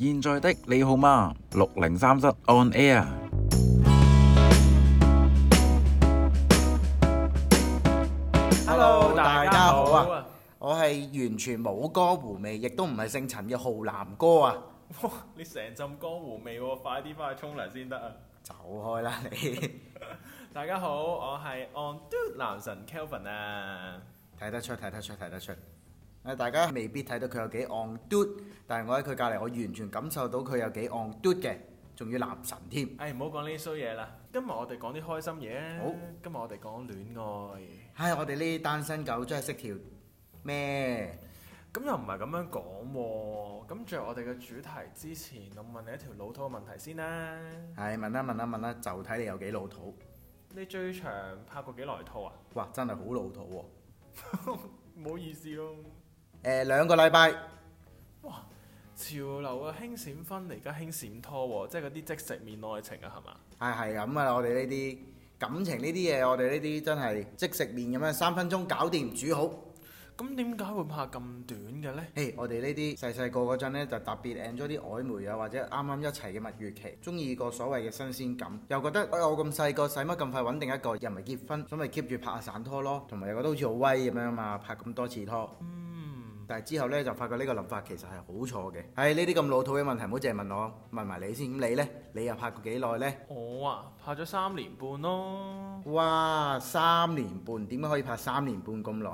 現在的你好嗎？六零三室 on air。Hello，大家好啊！我係完全冇江湖味，亦都唔係姓陳嘅浩南哥啊！你成浸江湖味，快啲翻去沖涼先得啊！走開啦你！大家好，我係 On Dude 男神 Calvin 啊！睇得出，睇得出，睇得出。誒大家未必睇到佢有幾昂嘟，但係我喺佢隔離，我完全感受到佢有幾昂嘟嘅，仲要男神添。誒唔好講呢啲衰嘢啦，今日我哋講啲開心嘢。好，今日我哋講戀愛。誒我哋呢啲單身狗真係識條咩？咁又唔係咁樣講喎。咁在我哋嘅主題之前，我問你一條老土嘅問題先啦。誒問啦問啦問啦，就睇你有幾老土。你最長拍過幾耐拖啊？哇！真係好老土喎，唔好意思咯。誒兩個禮拜，哇！潮流啊，興閃婚，而家興閃拖喎，即係嗰啲即食麵愛情啊，係嘛？係係咁啊！我哋呢啲感情呢啲嘢，我哋呢啲真係即食麵咁樣，三分鐘搞掂煮好。咁點解會拍咁短嘅呢？誒，我哋呢啲細細個嗰陣呢，就特別 enjoy 咗啲曖昧啊，或者啱啱一齊嘅蜜月期，中意個所謂嘅新鮮感，又覺得誒我咁細個，使乜咁快穩定一個，又唔係結婚，咁咪 keep 住拍下散拖咯，同埋又覺得好似好威咁樣啊嘛，拍咁多次拖。但之後呢，就發覺呢個諗法其實係好錯嘅。係呢啲咁老土嘅問題，唔好淨問我，問埋你先。咁你呢？你又拍過幾耐呢？我啊，拍咗三年半咯。哇，三年半，點解可以拍三年半咁耐？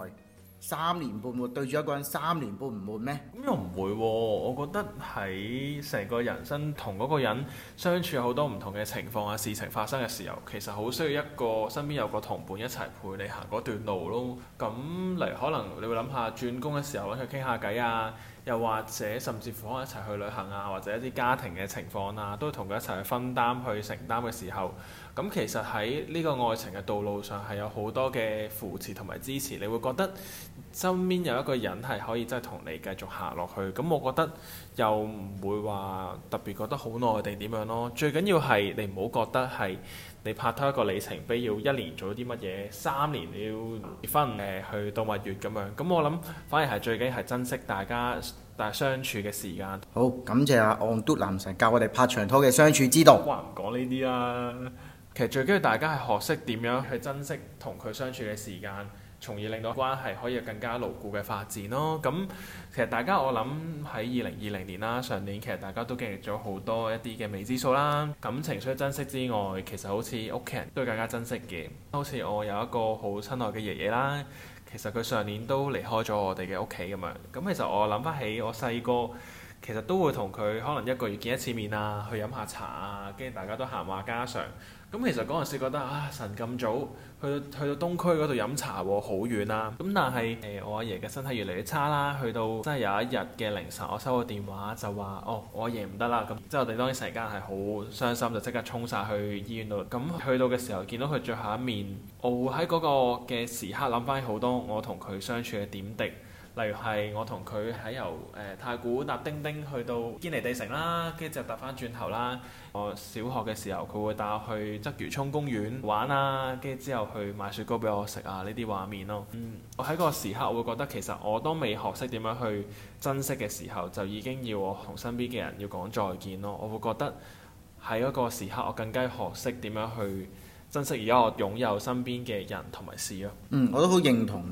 三年半喎對住一個人三年半唔悶咩？咁又唔會喎，啊，我覺得喺成個人生同嗰個人相處好多唔同嘅情況啊事情發生嘅時候，其實好需要一個身邊有個同伴一齊陪你行嗰段路咯。咁嚟可能你會諗下轉工嘅時候揾佢傾下偈啊。又或者甚至乎可能一齊去旅行啊，或者一啲家庭嘅情況啊，都同佢一齊去分擔去承擔嘅時候，咁其實喺呢個愛情嘅道路上係有好多嘅扶持同埋支持，你會覺得身邊有一個人係可以真係同你繼續行落去，咁我覺得又唔會話特別覺得好耐定點樣咯，最緊要係你唔好覺得係。你拍拖一個里程碑要一年做啲乜嘢，三年你要結婚，誒、呃、去到蜜月咁樣。咁我諗反而係最緊係珍惜大家，大家相處嘅時間。好，感謝啊，On、嗯、男神教我哋拍長拖嘅相處之道。哇唔講呢啲啦，其實最緊要大家係學識點樣去珍惜同佢相處嘅時間。從而令到關係可以有更加牢固嘅發展咯。咁其實大家我諗喺二零二零年啦，上年其實大家都經歷咗好多一啲嘅未知數啦。感情需要珍惜之外，其實好似屋企人都更加珍惜嘅。好似我有一個好親愛嘅爺爺啦，其實佢上年都離開咗我哋嘅屋企咁樣。咁其實我諗翻起我細個，其實都會同佢可能一個月見一次面啊，去飲下茶啊，跟住大家都閒話家常。咁其實嗰陣時覺得啊，晨咁早去到去到東區嗰度飲茶喎，好遠啦。咁但係誒，我阿爺嘅身體越嚟越差啦。去到真係有一日嘅凌晨，我收個電話就話哦，我阿爺唔得啦。咁即係我哋當時成家人係好傷心，就即刻衝晒去醫院度。咁去到嘅時候見到佢最後一面，我會喺嗰個嘅時刻諗翻起好多我同佢相處嘅點滴。例如係我同佢喺由誒太古搭叮叮去到堅尼地城啦，跟住就搭翻轉頭啦。我小學嘅時候，佢會帶我去鰂魚涌公園玩啦，跟住之後去買雪糕俾我食啊。呢啲畫面咯、嗯，我喺個時刻我會覺得其實我都未學識點樣去珍惜嘅時候，就已經要我同身邊嘅人要講再見咯。我會覺得喺嗰個時刻，我更加學識點樣去珍惜而家我擁有身邊嘅人同埋事咯。嗯，我都好認同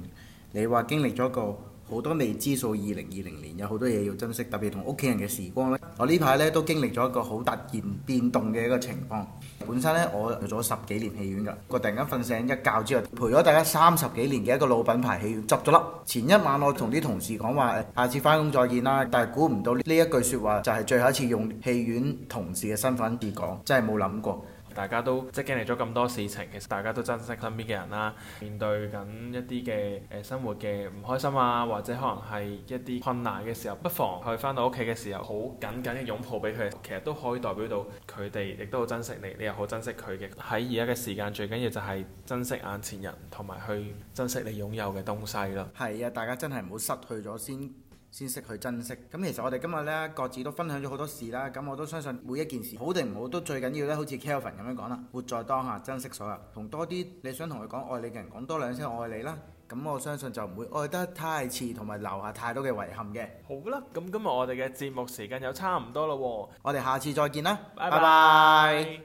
你話經歷咗個。好多未知數，二零二零年有好多嘢要珍惜，特別同屋企人嘅時光咧。我呢排咧都經歷咗一個好突然變動嘅一個情況。本身咧我做咗十幾年戲院㗎，我突然間瞓醒一覺之後，陪咗大家三十幾年嘅一個老品牌戲院執咗笠。前一晚我同啲同事講話，下次翻工再見啦。但係估唔到呢一句説話就係最後一次用戲院同事嘅身份嚟講，真係冇諗過。大家都即係經歷咗咁多事情，其實大家都珍惜身邊嘅人啦、啊。面對緊一啲嘅誒生活嘅唔開心啊，或者可能係一啲困難嘅時候，不妨去返到屋企嘅時候，好緊緊嘅擁抱俾佢。其實都可以代表到佢哋亦都好珍惜你，你又好珍惜佢嘅。喺而家嘅時間，最緊要就係珍惜眼前人，同埋去珍惜你擁有嘅東西囉。係啊，大家真係唔好失去咗先。先識去珍惜。咁其實我哋今日呢，各自都分享咗好多事啦。咁我都相信每一件事好定唔好都最緊要咧，好似 Calvin 咁樣講啦，活在當下，珍惜所有，同多啲你想同佢講愛你嘅人講多，多兩聲愛你啦。咁我相信就唔會愛得太遲，同埋留下太多嘅遺憾嘅。好啦，咁今日我哋嘅節目時間又差唔多咯喎，我哋下次再見啦，bye bye 拜拜。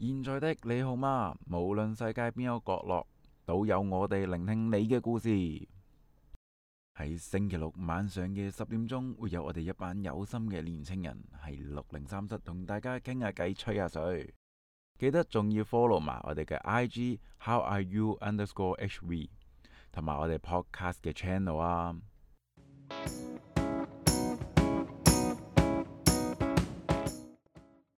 現在的你好嗎？無論世界邊個角落。都有我哋聆聽你嘅故事，喺星期六晚上嘅十點鐘，會有我哋一班有心嘅年青人喺六零三室同大家傾下計、吹下水。記得仲要 follow 埋我哋嘅 IG How Are You Underscore HV，同埋我哋 Podcast 嘅 channel 啊。